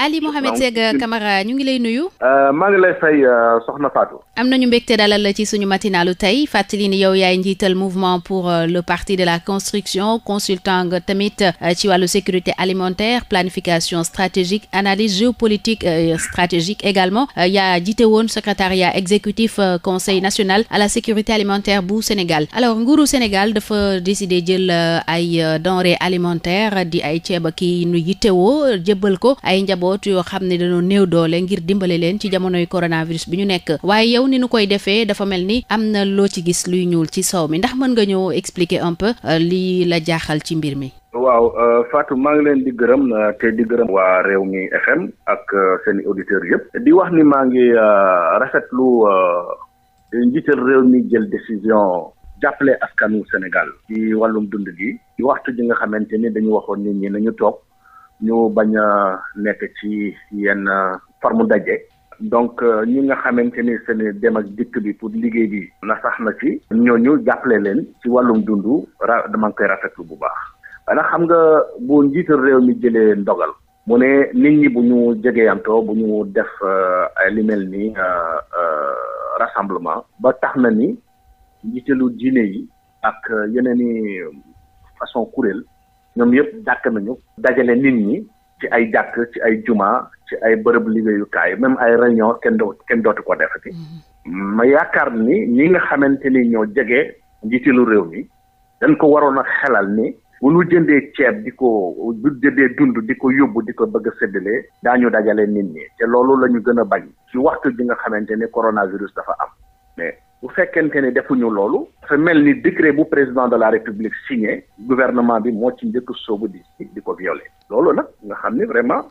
Ali Mohamed Sega Camara ñu ngi lay nuyu. am na ñu fay euh, soxna Fatou. am nañu mbégte dalal la ci suñu matinalu tey fàttali ni yow yaay njiital mouvement pour euh, le parti de la construction consultant nga tamit euh, ci wàllu sécurité alimentaire planification stratégique analyse géopolitique stratégique également ya jiite woon secrétariat exécutif conseil national à la sécurité alimentaire bu Sénégal. alors nguru Sénégal dafa décider jël ay denrées alimentaire di ay ceeb a ki nu yittewoo jébbal ko ay njaboot. woot yoo xam ne dañoo néew doole ngir dimbale leen ci jamonoy coronavirus bi ñu nekk waaye yow ni nu koy defee dafa mel ni am na loo ci gis luy ñuul ci soow mi ndax mën nga ñëw expliquer un peu euh, lii la jaaxal ci mbir mi. waaw euh, Fatou maa ngi leen di gërëm euh, te di gërëm waa réew mi FM ak seen auditeurs yëpp di wax ni maa ngi rafetlu njiital réew mi jël décision jàppale askanu Sénégal ci wàllum dund gi ci waxtu ji nga xamante ni dañu waxoon nit ñi nañu toog ñu bañ a nekk ci yenn far mu daje. donc euh, ñi nga xamante ni seen dem ak dikk bi pour liggéey bi na sax na ci ñooñu jàppale leen ci wàllum dund ra dama ngi koy rafetlu bu baax wala xam nga bu njiital réew mi jëlee ndogal mu ne nit ñi bu ñu jegeyantoo bu ñu def ay euh, li ni euh, rassemblement ba tax na ni njiitalu diine yi ak yeneen façon kuréel ñoom yëpp dàkk nañu dajale nit ñi ci ay jàkk ci ay juma ci ay bërëb liggéeyukaay même ay réunion kenn doo kenn dootu ko defati mm-hmm. ma yaakaar ni ñi nga xamante ni ñoo jege njiitilu réew mi dañ ko waroon a xelal ni bu nu jëndee ceeb di ko bu jëndee dund di ko yóbbu di ko bëgg a daa ñu dajale nit ñi te loolu la ñu gën a bañ ci waxtu bi nga xamante ni coronavirus dafa am bu fekkente ne defuñu loolu dafa mel ni décret bu président de la république signé gouvernement bi moo ci njëkk soobu di di ko violé loolu nag nga xam ne vraiment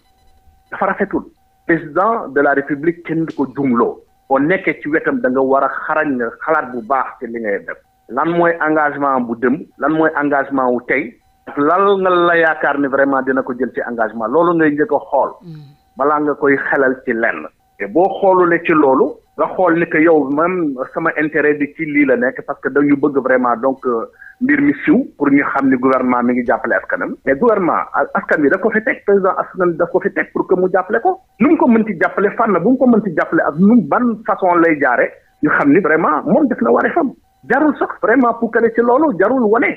dafa rafetul président de la république kenn du ko jumloo boo nekkee ci wetam da nga war a xarañ nga xalaat bu baax ci li ngay def lan mooy engagement bu dem lan mooy engagement wu tey ak lan nga la yaakaar ni vraiment dina ko jël ci engagement loolu ngay njëkk a xool mm. balaa nga koy xelal ci lenn boo xoolule loolu nga xool ni que yow man sama intérêt bi ci lii la nekk parce que ñu bëgg vraiment donc euh, mbir mi siw pour ñu xam ni gouvernement mi ngi jàppale askanam mais gouvernement askan bi daf ko fi teg président askan bi daf ko fi teg pour que mu jàppale ko nu mu ko mënti jàppale fànn bu mu ko mën mënti jàppale ak nu ban façon lay jaare ñu xam ni vraiment moom def na wareefam jarul sax vraiment pour que ci loolu jarul wone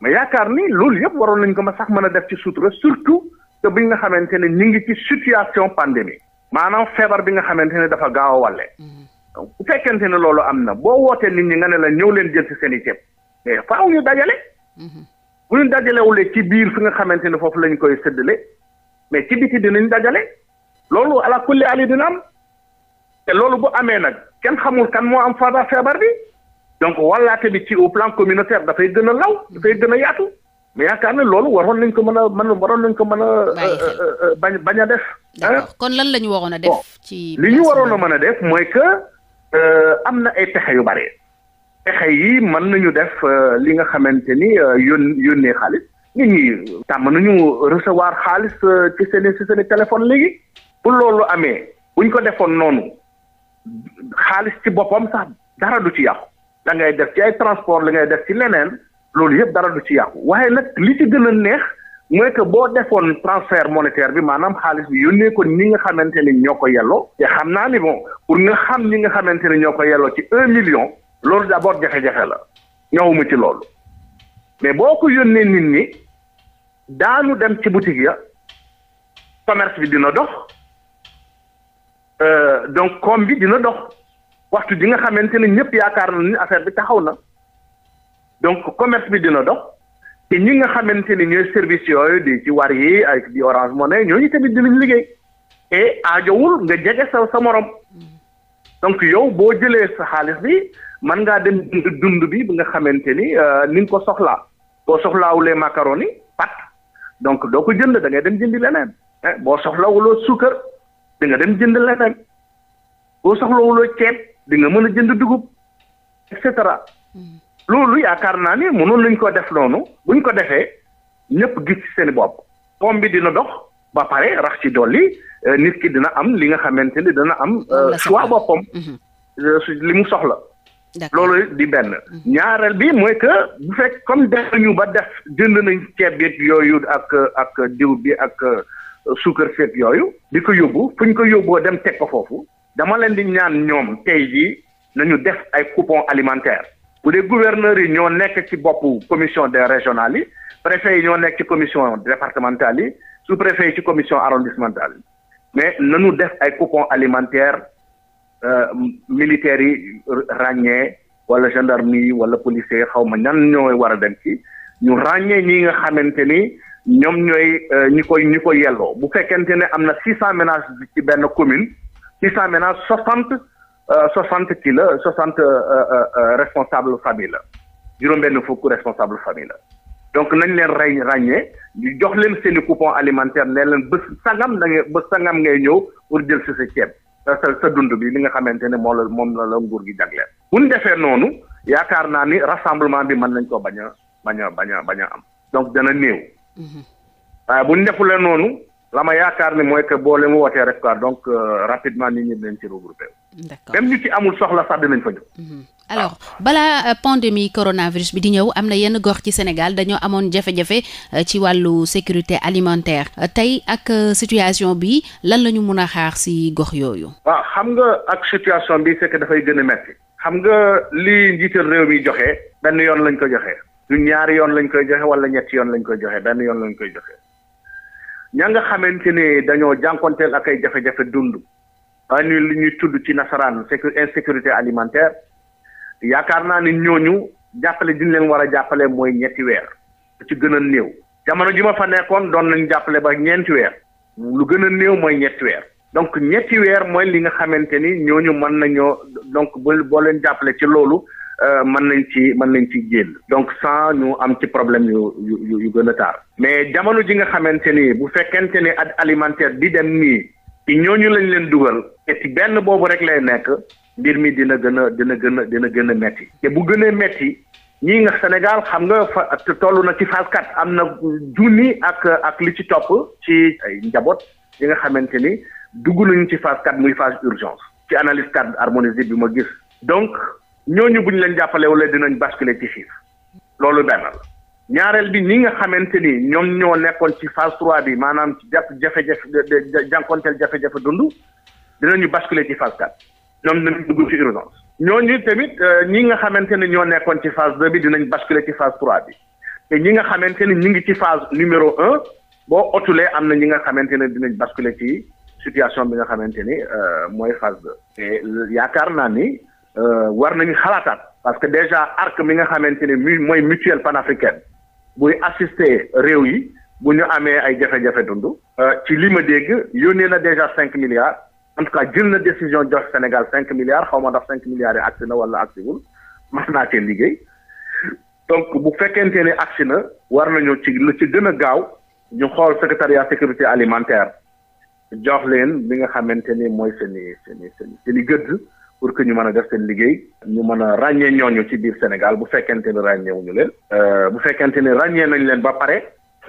mais yaakaar ni loolu yëpp waroon nañ ko ma sax mën a def ci sutura surtout que bi nga xamante ne ñu ngi ci situation pandémie maanaam feebar bi nga xamante ne dafa gaaw a wàlle bu fekkente ne loolu am na boo wootee nit ñi nga ne la ñëw leen jël ci seen i ceeb mais faaw ñu dajale bu ñu dajalewulee ci biir fi nga xamante ne foofu lañu koy séddale mais ci biti dinañ dajale loolu ala kulli ali dina am te loolu bu amee nag kenn xamul kan moo am feebar feebar bi donc wàllaate bi ci u plan communautaire dafay gën a law dafay gën a yaatu mais yaakaar na loolu waroon nañ ko mën a mën waroon nañ ko mën a. Euh, euh, euh, bañ bañ a def. d'accord kon lan la ñu waroon a def. ci li ñu waroon a mën a def mooy que am na ay pexe yu bari pexe yi mën nañu def li nga xamante ni yón yónnee xaalis nit ñi tàmm nañu recevoir xaalis ci seen ci seen téléphone léegi. pour loolu amee buñ ko defoon noonu xaalis ci boppam sax dara du ci yàqu. da ngay def ci ay transport li ngay def ci leneen. loolu yëpp dara du ci yàqu waaye nag li ci gën a neex mooy que boo defoon transfert monétaire bi maanaam xaalis bi yónnee ko ñi nga xamante ni ñoo ko yelloo te xam naa ni bon pour nga xam ñi nga xamante ni ñoo ko yelloo ci un million loolu d'abord jafe-jafe la ñëwuma ci loolu mais boo ko yónnee nit ñi daanu dem ci boutique ya commerce bi dina dox euh, donc koom bi dina dox waxtu bi nga xamante ne ñëpp yaakaar na ni affaire bi taxaw na donc commerce bi dina dox te ñi nga xamante ni ñooy service yooyu di ci war yi ak di Orange Money ñooñu tamit dinañ liggéey et aajowul nga jege sa sa moroom donc yow boo jëlee sa xaalis bi mën ngaa dem dund dund bi bi nga xamante ni euh, ni nga ko soxlaa boo soxlaawulee macaroni pat donc doo ko jënd dangay eh, dem jëndi leneen boo soxlawuloo suukar di nga dem jënd leneen boo soxlawuloo ceeb di nga mën a jënd dugub et loolu yaakaar naa ni mënoon nañ koo def noonu buñ ko defee ñëpp gis ci seen bopp pom bi dina dox ba pare rax ci dolli euh, nit ki dina am li nga xamante ni dina am. Euh, choix boppam. Mhm. Euh, li mu soxla. loolu di benn. Mhm. ñaareel bi mooy que bu fekk comme def nañu ba def jënd nañ ceeb bi yooyu ak ak diw bi ak suukar feet yooyu. di ko yóbbu fu ñu ko yóbboo dem teg ko foofu. dama leen di ñaan ñoom tey jii nañu def ay coupon alimentaire. bu dee gouverneurs yi ñoo nekk ci boppu commission des régionales yi préfet yi ñoo nekk ci commission départementale yi sous préfet yi ci commission arrondissementale yi mais nañu def ay coupon alimentaire euh, militaires yi ràññee wala yi wala policiers yi xaw ma ñan ñooy war a dem ci ñu ràññee ñi nga xamante ni ñoom ñooy euh, ñi koy ñi ko yelloo bu fekkente ne am na six cent ménages ci benn commune six cent ménages soixante Euh, soixante kii la soixante euh, euh, responsable famille la juróom-benn fukk responsable famille la donc nañ leen ràñ ràññee ñu jox leen seeni i coupon alimentaire ne leen bés sangam da ngay bés sangam ngay ñëw pour jël si sa ceeb sa sa dund bi li nga xamante ne moom la moom la la nguur gi jagleel. bu ñu defee noonu yaakaar naa ni rassemblement bi mën nañ ko bañ a bañ a bañ a bañ a am donc dana néew. Mhm. waaye bu ñu defulee noonu. la ma yaakaar ne mooy que boole mu wootee rek quoi donc euh, rapidement nit ñi dinañ ci regroupé d'accord même ñu ci amul soxla sax dinañ fa ñëw mhm. alors balaa euh, pandémie coronavirus bi di ñëw am na yenn gox ci Sénégal dañoo amoon jafe-jafe euh, ci wàllu sécurité alimentaire tey ak situation bi lan la ñu mun a xaar si gox yooyu. waaw xam nga ak situation bi c'est dafay gën a metti xam nga li njiital réew mi joxe benn yoon lañ ko joxe du ñaari yoon lañ koy joxe wala ñetti yoon lañ koy joxe benn yoon lañ koy joxe. ña nga xamante ne dañoo jànkonteel ak ay jafe-jafe dund ñu li ñuy tudd ci nasaraan insécurité alimentaire yaakaar naa ni ñooñu jàppale diñ leen war a jàppale mooy ñetti weer ci gën a néew jamono ji ma fa nekkoon doon nañ jàppale ba ñeenti weer lu gën a néew mooy ñetti weer donc ñetti weer mooy li nga xamante ni ñooñu mën nañoo donc boo leen jàppale ci loolu Euh, man nañ ci mën nañ ci génn donc sans ñu am ci problème yu yu yu gën a taar mais jamono ji nga xamante ni bu fekkente ni aide alimentaire di dem nii ci ñooñu lañ leen dugal benn boobu rek lay nekk mbir mi dina gën a dina gën a dina gën a metti te bu gënee metti ñii nga Sénégal xam nga fa toll na ci phase am na junni ak ak li ci topp ci ay njaboot yi nga xamante ni dugg nañu ci phase quatre muy phase urgence ci analyse cadre harmonisée bi ma gis donc ñooñu buñ leen jàppale wala dinañ basculer ci xiif loolu benn la ñaareel bi ñi nga xamante ni ñoom ñoo nekkoon ci phase trois bi maanaam ci jàpp jafe-jafe jànkonteel jafe-jafe dund dinañu basculer ci phase quatre ñoom dinañ dugg ci urgence ñooñu tamit euh, ñi nga xamante ni ñoo nekkoon ci phase deux bi dinañ basculer ci phase trois bi te ñi nga xamante ni ñu ngi ci phase numéro un boo otulee am na ñi nga xamante ne dinañ basculer ci situation bi nga xamante ni euh, mooy phase yaakaar naa ni Euh, war nañu xalaataat parce que déjà arc mi nga xamante ne mi mooy mutuelle panafricaine buy assister réew yi bu ñu amee ay jafe-jafe dund. Euh, ci li ma dégg yónnee na déjà cinq milliards en tout cas jël na décision jox Sénégal cinq milliards xaw ma ndax cinq milliards yi agsi na wala agsiwul mas naa cee liggéey donc bu fekkente ne agsi na war nañu ci lu ci gën a gaaw ñu xool secrétariat sécurité alimentaire jox leen li nga xamante ni mooy seen i seen i gëdd. pour que ñu mën a def seen liggéey ñu mën a ràññee ñooñu ci biir Sénégal bu fekkente ne ràññeewuñu leen euh, bu fekkente ne ràññee nañ leen ba pare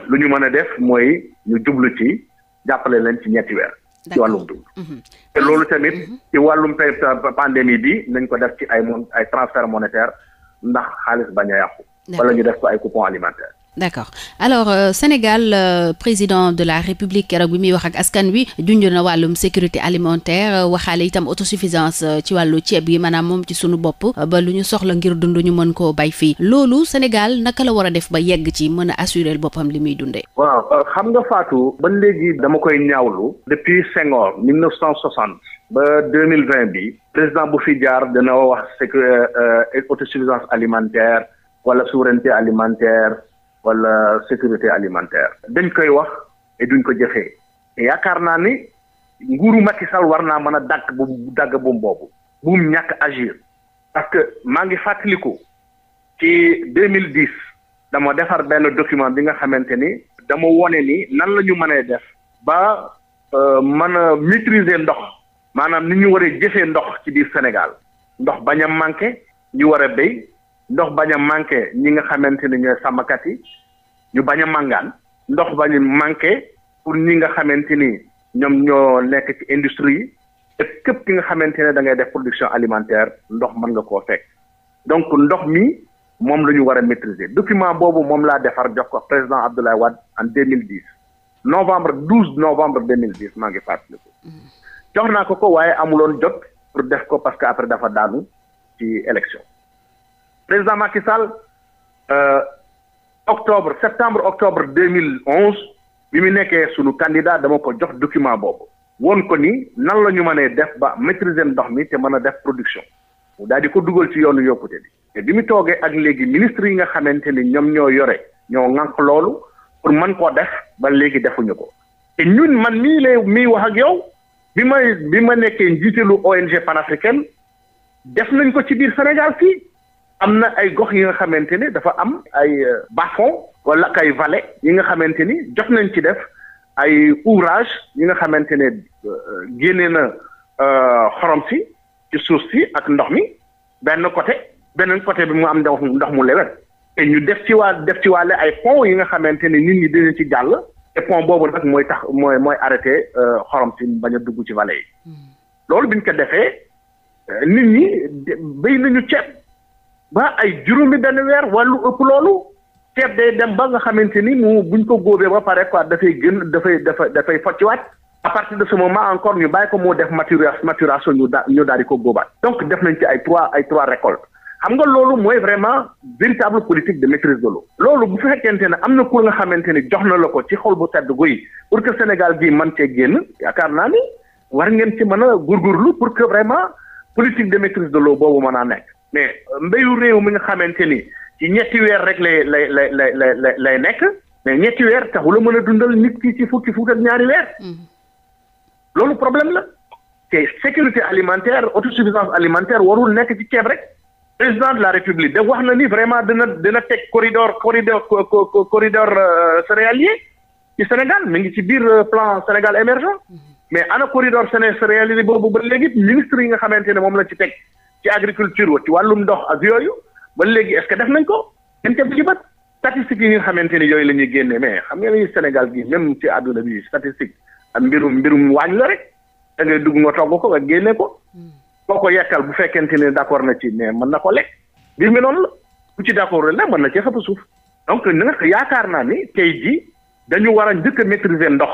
lu ñu mën a def mooy ñu jublu ci jàppale leen ci ñetti weer ci wàllum dund mhm. te loolu ah, tamit mhm. ci wàllum pandémie bi nañ ko def ci ay mon ay transfert monétaire ndax xaalis bañ a yàqu wala ñu def ko ay coupon alimentaire d'accord alors euh, Sénégal euh, président de la République keroog bi muy wax ak askan wi junj na wàllum sécurité alimentaire euh, waxaale itam autosuffisance euh, ci wàllu ceeb yi maanaam moom ci suñu bopp euh, ba lu ñu soxla ngir dund ñu mën koo bay fii loolu Sénégal naka la war a def ba yegg ci mën a assurer boppam li muy dundee. waaw xam nga Fatou. ba léegi dama koy ñaawlu. depuis Senghor 1960. ba deux mille vingt bi. président bu fi jaar dana wax sécurité autosuffisance alimentaire wala souveraineté alimentaire. wala sécurité alimentaire. dañ koy wax duñ ko jëfee. yaakaar naa ni nguuru Macky Sall war naa mën a dagg bu dàgg buum boobu. buum ñàkk agir. parce maa ngi fàttaliku. ci deux mille dix. dama defar benn document bi nga xamante ni. dama wone ni nan la ñu mënee def. ba euh, mën a maîtriser ndox. maanaam ni ñu waree jëfee ndox ci biir Sénégal. ndox bañ a manqué. ñu war a béy. ndox bañ a manqué ñi nga xamante ne ñooy sàmmkat yi ñu bañ a màngaan ndox bañ a manqué pour ñi nga xamante ni ñoom ñoo nekk ci industrie yi te képp ki nga xamante ne da ngay def production alimentaire ndox mën nga koo fekk donc ndox mi moom la ñu war a maîtriser document boobu moom laa defar jox ko président Abdoulaye Wade en deux mille dix novembre douze novembre deux mille dix maa ngi fàttaliku mm-hmm. jox naa ko ko waaye amuloon jot pour def ko parce que après dafa daanu ci élection président Macky Sall euh, octobre septembre octobre deux mille onze bi mu nekkee sunu candidat dama ko jox document boobu woon ko ni nan la ñu mënee def ba maîtriser ndox mi te mën a def production mu daal di ko dugal ci yoonu yokkute bi te bi mu toogee ak léegi ministre yi nga xamante ni ñoom ñoo yore ñoo ŋànk loolu pour man koo def ba léegi defuñu ko te ñun man mii lay mii wax ak yow bi may bi ma nekkee njiitalu ONG panafricaine def nañ ko ci biir Sénégal fii am na ay gox yi nga xamante ni dafa am ay euh, bas-fonds wala ak ay vallées yi nga xamante ni jot nañ ci def ay ouvrage yi nga xamante ne euh, génne na euh, xorom si ci suuf si ak ndox mi benn côté beneen côté bi mu am ndox ndox mu lewet te ñu def ci waa def ci wàlle ay pont yi nga xamante ne nit ñi dinañ ci jàll te pont boobu nag mooy tax mooy mooy arrêté xorom si bañ a dugg ci vallée yi hmm. loolu biñ ko defee nit ñi béy nañu ceeb ba ay juróomi benn weer wàllu ëpp loolu ceeb day dem ba nga xamante ni mu buñ ko góobee ba pare quoi dafay gën dafay dafa dafay focciwaat à partir de ce moment encore ñu bàyyi ko moo def maturation maturation ñu da ñu daal di ko góobaat donc def nañ ci ay trois ay trois récoltes xam nga loolu mooy vraiment véritable politique de maîtrise de l'eau loolu bu fekkente ne am na pour nga xamante ni jox na la ko ci xol bu sedd guy pour que Sénégal gii man cee génn yaakaar naa ni war ngeen ci mën a góorgóorlu pour vraiment politique de maîtrise de boobu mën a nekk. mais mbéyu réew mi nga xamante ni ci ñetti weer rek lay lay lay lay lay nekk mais ñetti weer la mën a dundal nit ki ci fukki fukk ak ñaari weer mm-hmm. loolu problème la te sécurité alimentaire autosuffisance alimentaire warul nekk ci ceeb rek président de la république da wax na ni vraiment dina dina teg corridor corridor corridor euh, céréalier ci Sénégal mi ngi ci biir euh, plan Sénégal émergent mm-hmm. mais ana corridor Sénégal céréalier boobu ba léegi ministre yi nga xamante ne moom la ci teg ci agriculture wa ci wàllum ndox ak yooyu ba léegi est-ce def nañ ko kenn tegu ci bët statistiques yi nga xamante ni yooyu la ñuy génne mais xam nga ni Sénégal gi même ci àdduna bi statistique ak mbirum mbirum waañ la rek da ngay dugg nga togg ko nga génne ko boo ko yekkal bu fekkente ne d'accord na ci mais mën na ko lekk mbir mi noonu la ci d'accord la mën na ci xëpp suuf donc na nga yaakaar naa ni tey jii dañu war a njëkk a maîtriser ndox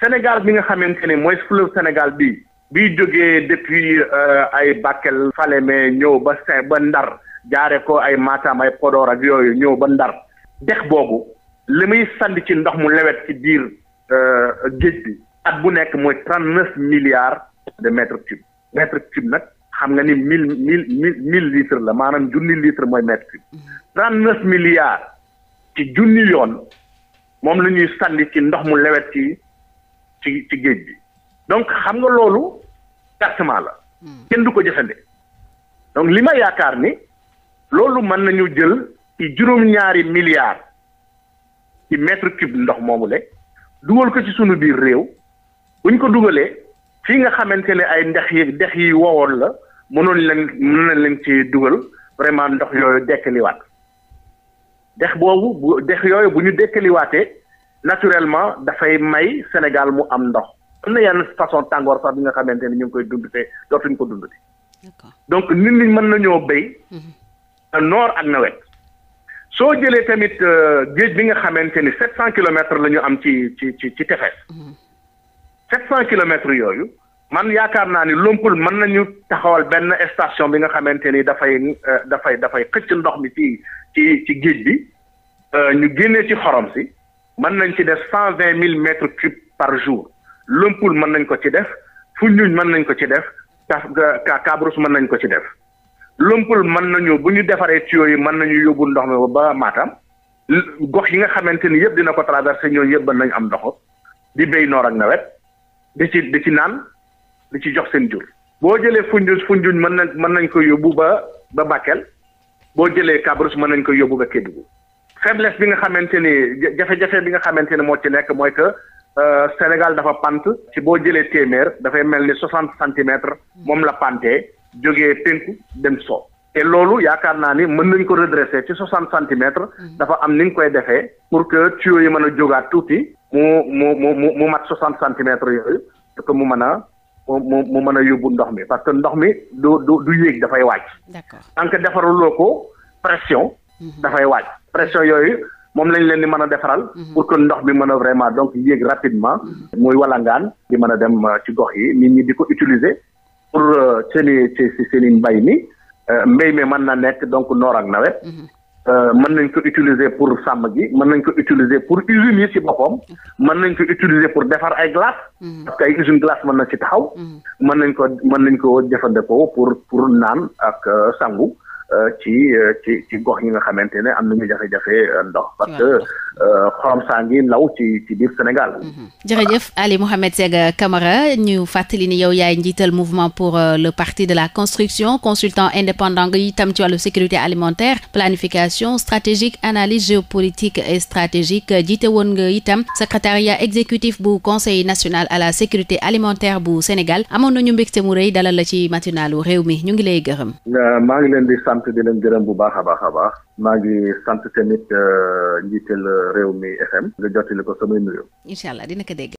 Sénégal bi nga xamante ne mooy fleuve Sénégal bii bi jógee depuis euh, ay Bakel Falémé ñëw ba Saint ba Ndar jaare ko ay Matam ay Podor ak yooyu ñëw ba Ndar dex boobu li muy sand ci ndox mu lewet ci biir euh, géej bi at bu nekk mooy trente neuf milliards de mètres cubes mètres cubes nag xam nga ni mil mille mille mille litres la maanaam junni litres mooy mètre cube trente neuf milliards ci junni yoon moom la ñuy sànni ci ndox mu lewet ci ci ci géej bi donc xam nga loolu versement la. Hmm. kenn du ko jëfande donc li ma yaakaar ni loolu mën nañu jël ci juróom-ñaari milliards ci mètre cube ndox moomu le dugal ko ci sunu biir réew buñ ko dugalee fii nga xamante ne ay ndex yi dex yi wowoon la mënoon leen mën na leen ci dugal vraiment ndox yooyu dekkaliwaat dex boobu bu dex yooyu bu ñu dekkaliwaatee naturellement dafay may Sénégal mu am ndox. am na yenn façon tàngoor sax bi nga xamante ni ñu ngi koy dund te dootuñ ko dund. donc nit ñi mën nañoo béy. Mm-hmm. Euh, noor ak nawet. soo jëlee tamit euh, géej bi nga xamante ni sept cent kilomètres la ñu am ci ci ci ci tefes. Mm-hmm. sept cent kilomètres yooyu. man yaakaar naa ni Lompoul mën nañu taxawal benn station bi nga xamante ni dafay euh, dafay dafay xëcc ndox mi ci ci ci géej bi ñu génnee ci xorom si mën nañ ci def cent vingt mille mètres cubes par jour. Lompoul mën nañ ko ci def Foundiougne mën nañ ko ci def ka Kabrousse mën nañ ko ci def Lompoul mën nañu bu ñu defaree tuyaux yi mën nañu yóbbu ndox mi ba maatam gox yi nga xamante ni yëpp dina ko traversé ñooñu yëpp mën nañ am ndox di béy noor ak nawet di ci di ci naan di ci jox seen jur. boo jëlee Foundiougne Foundiougne mën nañ mën nañ ko yóbbu ba ba Bakel boo jëlee Kabrousse mën nañ ko yóbbu ba Kédougou faiblesse bi nga xamante ni jafe-jafe bi nga xamante ni moo ci nekk mooy que Euh, Sénégal dafa pant si boo jëlee téeméer dafay mel ni soixante centimètres moom la pantee jógee pénku dem so te loolu yaakaar naa ni mën nañ ko redresser ci soixante centimètres mm-hmm. dafa am ni ñu koy defee pour que tuyaux yi mën a jógaat tuuti mu mu mu mu mat soixante centimètres yooyu pour que mu mën a mu mu mën a yóbbu ndox mi parce que ndox mi du du du yéeg dafay wàcc. d'accord tant que defaruloo ko pression. Mm-hmm. dafay wàcc pression yooyu. moom lañ leen di mën a defaral. Mhm. pour que ndox mi mën a vraiment donc yéeg rapidement. Mhm. muy walangaan di mën a dem euh, ci gox yi nit ñi di ko utiliser pour euh, seen i seen i mbay mi euh, mbay mi mën na nekk donc noor ak nawet. Mhm. mën nañ ko utiliser pour sàmm gi mën nañ ko utiliser pour usines yi ci boppam mën nañ ko utiliser pour defar ay glace parce que ay usine glace mën na ci taxaw mën nañ ko mën nañ ko jëfandikoo pour pour naan ak sangu Euh, ci euh, ci ci gox yi nga xamante ne am nañu jafe-jafe euh, ndox parce que xorom saa ngi law ci biir Sénégal. Mhm. jërëjëf Ali Mohamed Sega Camara ñu fàttali ni yow yaay njiital mouvement pour le parti de la construction consultant indépendant nga itam ci wàllu sécurité alimentaire planification stratégique analyse géopolitique et stratégique jiite woon nga itam secrétariat exécutif bu conseil national à la sécurité alimentaire bu Sénégal amoon nañu mbégte mu rëy dalal ci matinalu réew mi ñu ngi lay gërëm. sant di leen gërëm bu baax a baax a baax maa ngi sant tamit euh, njiital euh, réew mi FM nga jottali ko samay nuyoo. incha allah dina ko dégg.